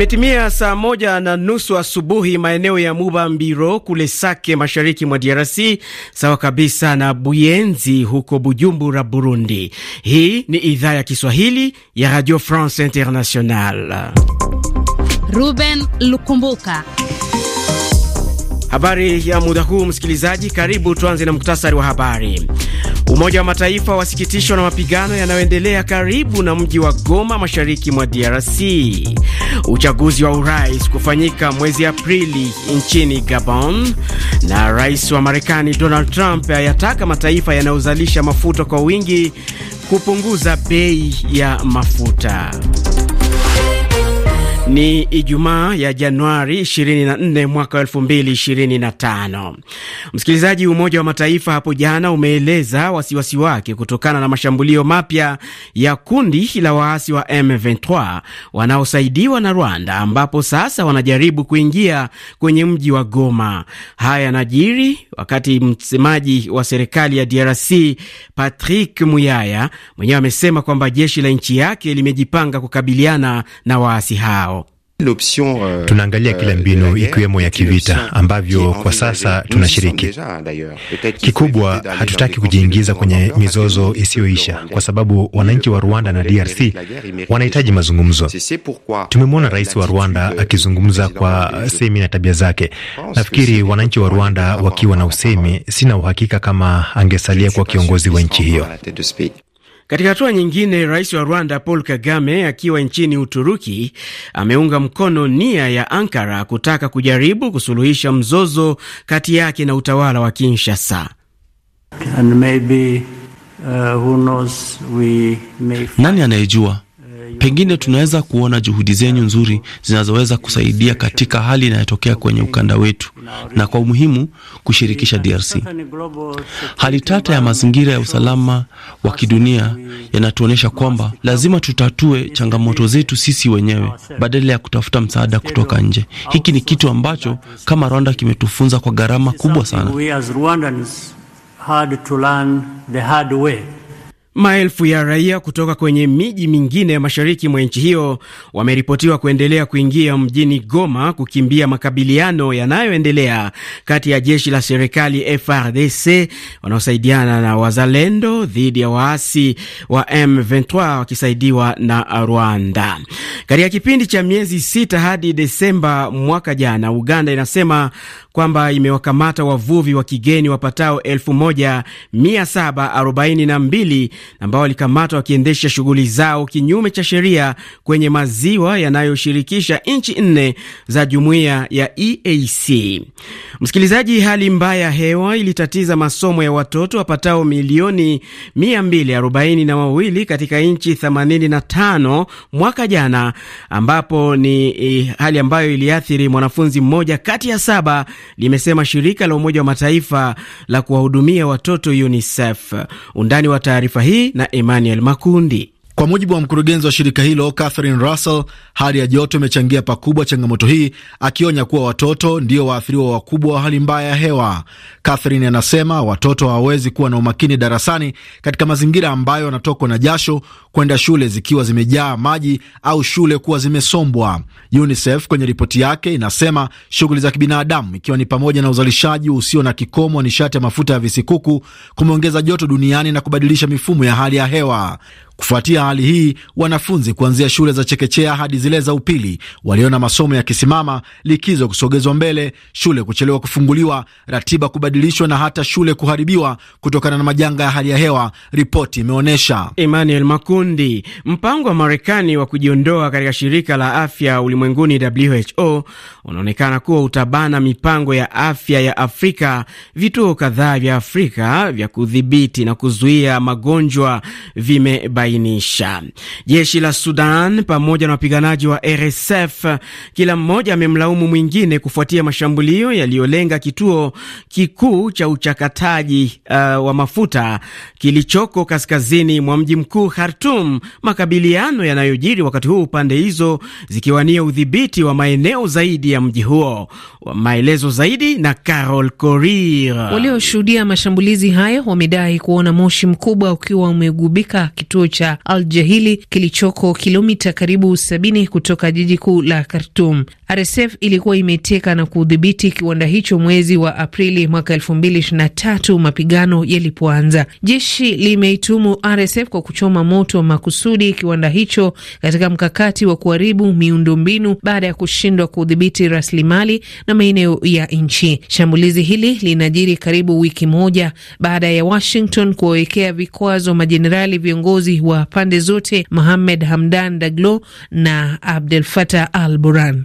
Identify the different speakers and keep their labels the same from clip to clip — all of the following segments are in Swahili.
Speaker 1: Imetimia saa moja na nusu asubuhi maeneo ya Muba Mbiro kule Sake, mashariki mwa DRC, sawa kabisa na Buyenzi huko Bujumbura, Burundi. Hii ni idhaa ya Kiswahili ya Radio France International.
Speaker 2: Ruben Lukumbuka.
Speaker 1: Habari ya muda huu msikilizaji, karibu tuanze na muktasari wa habari. Umoja wa Mataifa wasikitishwa na mapigano yanayoendelea karibu na mji wa Goma mashariki mwa DRC. Uchaguzi wa urais kufanyika mwezi Aprili nchini Gabon, na rais wa Marekani Donald Trump ayataka mataifa yanayozalisha mafuta kwa wingi kupunguza bei ya mafuta. Ni Ijumaa ya Januari 24 mwaka 2025. Msikilizaji, Umoja wa Mataifa hapo jana umeeleza wasiwasi wake kutokana na mashambulio mapya ya kundi la waasi wa M23 wanaosaidiwa na Rwanda, ambapo sasa wanajaribu kuingia kwenye mji wa Goma. Haya yanajiri wakati msemaji wa serikali ya DRC Patrick Muyaya mwenyewe amesema kwamba jeshi la nchi yake limejipanga kukabiliana na waasi hao.
Speaker 2: L'option, uh, tunaangalia kila euh, mbinu ikiwemo ya kivita ambavyo kwa sasa tunashiriki. Kikubwa, hatutaki kujiingiza kwenye mizozo isiyoisha, kwa sababu wananchi wa Rwanda na DRC wanahitaji mazungumzo. Tumemwona rais wa Rwanda akizungumza kwa semi na tabia zake. Nafikiri wananchi wa Rwanda wakiwa na usemi, sina uhakika kama angesalia kwa kiongozi wa nchi hiyo.
Speaker 1: Katika hatua nyingine, rais wa Rwanda Paul Kagame akiwa nchini Uturuki ameunga mkono nia ya Ankara kutaka kujaribu kusuluhisha mzozo kati yake na utawala wa Kinshasa. Uh, Nani anayejua Pengine tunaweza kuona juhudi zenyu nzuri zinazoweza kusaidia katika hali inayotokea kwenye ukanda wetu, na kwa umuhimu kushirikisha DRC. Hali tata ya mazingira ya usalama wa kidunia yanatuonyesha kwamba lazima tutatue changamoto zetu sisi wenyewe badala ya kutafuta msaada kutoka nje. Hiki ni kitu ambacho kama Rwanda kimetufunza kwa gharama kubwa sana. Maelfu ya raia kutoka kwenye miji mingine ya mashariki mwa nchi hiyo wameripotiwa kuendelea kuingia mjini Goma kukimbia makabiliano yanayoendelea kati ya jeshi la serikali FRDC wanaosaidiana na wazalendo dhidi ya waasi wa M23 wakisaidiwa na Rwanda. Katika kipindi cha miezi sita hadi Desemba mwaka jana, Uganda inasema kwamba imewakamata wavuvi wa kigeni wapatao 1742 ambao walikamatwa wakiendesha shughuli zao kinyume cha sheria kwenye maziwa yanayoshirikisha nchi nne za jumuiya ya EAC. Msikilizaji, hali mbaya ya hewa ilitatiza masomo ya watoto wapatao milioni 242 katika nchi 85 mwaka jana, ambapo ni eh, hali ambayo iliathiri mwanafunzi mmoja kati ya saba, limesema shirika la Umoja wa Mataifa la kuwahudumia watoto UNICEF. Undani wa taarifa hii na Emmanuel Makundi.
Speaker 3: Kwa mujibu wa mkurugenzi wa shirika hilo Catherine Russell, hali ya joto imechangia pakubwa changamoto hii, akionya kuwa watoto ndio waathiriwa wakubwa wa hali mbaya ya hewa. Catherine anasema watoto hawawezi kuwa na umakini darasani katika mazingira ambayo wanatokwa na jasho, kwenda shule zikiwa zimejaa maji au shule kuwa zimesombwa. UNICEF kwenye ripoti yake inasema shughuli za kibinadamu, ikiwa ni pamoja na uzalishaji usio na kikomo wa nishati ya mafuta ya visikuku, kumeongeza joto duniani na kubadilisha mifumo ya hali ya hewa. Kufuatia hali hii, wanafunzi kuanzia shule za chekechea hadi zile za upili waliona masomo yakisimama, likizo kusogezwa mbele, shule kuchelewa kufunguliwa, ratiba kubadilishwa na hata shule kuharibiwa kutokana na majanga ya hali ya hewa,
Speaker 1: ripoti imeonyesha. Emmanuel Makundi. Mpango wa Marekani wa kujiondoa katika shirika la afya ulimwenguni WHO unaonekana kuwa utabana mipango ya afya ya Afrika. Vituo kadhaa vya Afrika vya kudhibiti na kuzuia magonjwa vime kubainisha. Jeshi la Sudan pamoja na wapiganaji wa RSF, kila mmoja amemlaumu mwingine kufuatia mashambulio yaliyolenga kituo kikuu cha uchakataji uh, wa mafuta kilichoko kaskazini mwa mji mkuu hartum makabiliano yanayojiri wakati huu pande hizo zikiwania udhibiti wa maeneo zaidi ya mji huo. Maelezo zaidi na Carol Korir.
Speaker 2: Walioshuhudia mashambulizi hayo wamedai kuona moshi mkubwa ukiwa umegubika kituo cha cha Al Jahili kilichoko kilomita karibu 70 kutoka jiji kuu la Khartum. RSF ilikuwa imeteka na kudhibiti kiwanda hicho mwezi wa Aprili mwaka 2023 mapigano yalipoanza. Jeshi limeitumu RSF kwa kuchoma moto makusudi kiwanda hicho katika mkakati wa kuharibu miundombinu baada ya kushindwa kudhibiti rasilimali na maeneo ya nchi. Shambulizi hili linajiri karibu wiki moja baada ya Washington kuwawekea vikwazo majenerali viongozi wa pande zote Mohamed Hamdan Daglo na Abdel Fattah al-Burhan.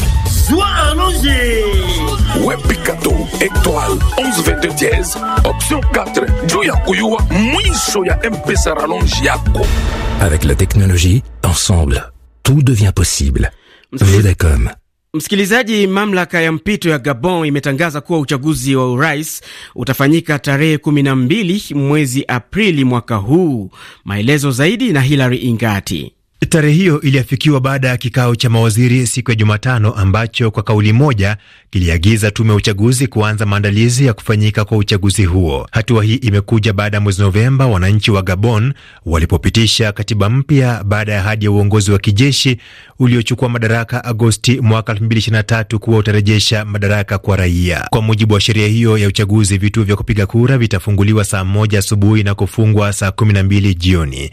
Speaker 1: Sois allongé.
Speaker 3: webpikato étoile 22 dièse option 4 Joya ya kuyua mwisho ya
Speaker 1: mpesa rallonge yako
Speaker 2: avec la technologie ensemble tout devient possible
Speaker 1: vodacom Msikilizaji, mamlaka ya mpito ya Gabon imetangaza kuwa uchaguzi wa urais utafanyika tarehe 12 mwezi Aprili mwaka huu. Maelezo zaidi na Hilary Ingati.
Speaker 2: Tarehe hiyo iliafikiwa baada ya kikao cha mawaziri siku ya Jumatano ambacho kwa kauli moja kiliagiza tume ya uchaguzi kuanza maandalizi ya kufanyika kwa uchaguzi huo. Hatua hii imekuja baada ya mwezi Novemba wananchi wa Gabon walipopitisha katiba mpya baada ya hadi ya uongozi wa kijeshi uliochukua madaraka Agosti mwaka 2023 kuwa utarejesha madaraka kwa raia. Kwa mujibu wa sheria hiyo ya uchaguzi, vituo vya kupiga kura vitafunguliwa saa moja asubuhi na kufungwa saa 12 jioni.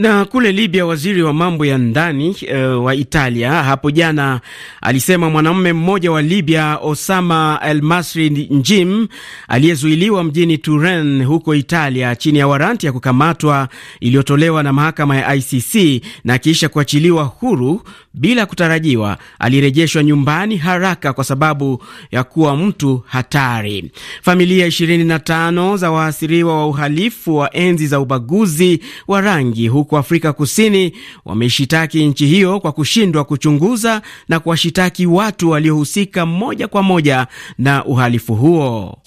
Speaker 1: Na kule Libya, waziri wa mambo ya ndani e, wa Italia hapo jana alisema mwanamume mmoja wa Libya, Osama El Masri Njim, aliyezuiliwa mjini Turin huko Italia chini ya waranti ya kukamatwa iliyotolewa na mahakama ya ICC na kisha kuachiliwa huru bila kutarajiwa, alirejeshwa nyumbani haraka kwa sababu ya kuwa mtu hatari. Familia 25 za waathiriwa wa uhalifu wa enzi za ubaguzi wa rangi huko huko Afrika Kusini wameishitaki nchi hiyo kwa kushindwa kuchunguza na kuwashitaki watu waliohusika moja kwa moja na uhalifu huo.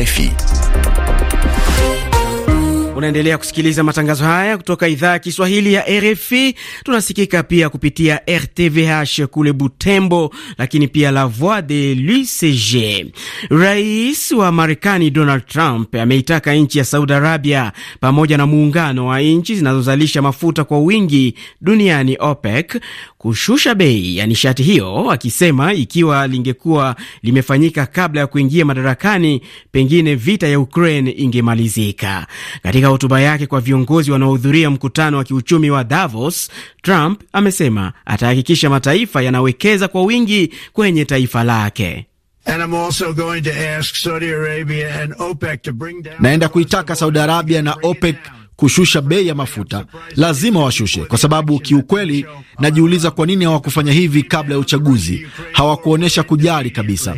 Speaker 1: RFI. Unaendelea kusikiliza matangazo haya kutoka idhaa ya Kiswahili ya RFI. Tunasikika pia kupitia RTVH kule Butembo, lakini pia La Voix de l'UCG. Rais wa Marekani Donald Trump ameitaka nchi ya Saudi Arabia pamoja na muungano wa nchi zinazozalisha mafuta kwa wingi duniani OPEC kushusha bei ya nishati hiyo, akisema ikiwa lingekuwa limefanyika kabla ya kuingia madarakani, pengine vita ya Ukraine ingemalizika katika katika hotuba yake kwa viongozi wanaohudhuria mkutano wa kiuchumi wa Davos, Trump amesema atahakikisha mataifa yanawekeza kwa wingi kwenye taifa lake. Naenda kuitaka Saudi Arabia
Speaker 3: na OPEC kushusha bei ya mafuta, lazima washushe, kwa sababu kiukweli najiuliza kwa nini hawakufanya hivi kabla ya uchaguzi. Hawakuonyesha kujali kabisa.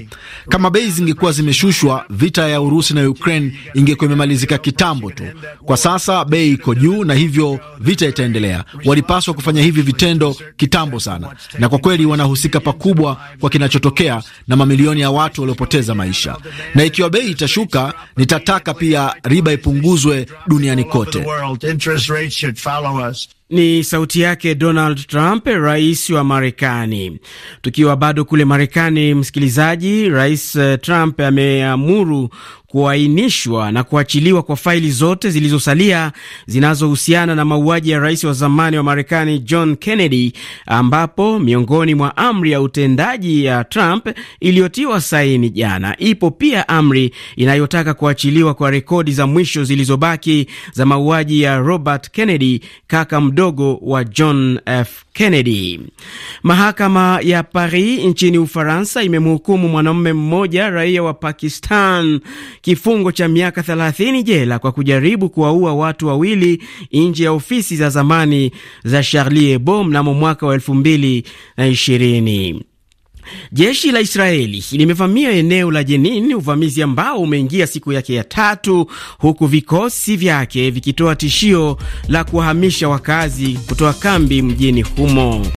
Speaker 3: Kama bei zingekuwa zimeshushwa, vita ya Urusi na Ukraine ingekuwa imemalizika kitambo tu. Kwa sasa bei iko juu, na hivyo vita itaendelea. Walipaswa kufanya hivi vitendo kitambo sana, na kwa kweli wanahusika pakubwa kwa kinachotokea na mamilioni ya watu waliopoteza maisha. Na ikiwa bei itashuka, nitataka pia riba ipunguzwe
Speaker 1: duniani kote. world.
Speaker 3: Interest rates should follow us.
Speaker 1: Ni sauti yake Donald Trump, rais wa Marekani. Tukiwa bado kule Marekani, msikilizaji, Rais eh, Trump ameamuru kuainishwa na kuachiliwa kwa faili zote zilizosalia zinazohusiana na mauaji ya rais wa zamani wa Marekani John Kennedy, ambapo miongoni mwa amri ya utendaji ya Trump iliyotiwa saini jana ipo pia amri inayotaka kuachiliwa kwa rekodi za mwisho zilizobaki za mauaji ya Robert Kennedy, kaka mdogo wa John F Kennedy. Mahakama ya Paris nchini Ufaransa imemhukumu mwanamume mmoja raia wa Pakistan kifungo cha miaka 30 jela kwa kujaribu kuwaua watu wawili nje ya ofisi za zamani za Charlie Hebdo mnamo mwaka wa 220 Jeshi la Israeli limevamia eneo la Jenin, uvamizi ambao umeingia siku yake ya tatu, huku vikosi vyake vikitoa tishio la kuwahamisha wakazi kutoka kambi mjini humo.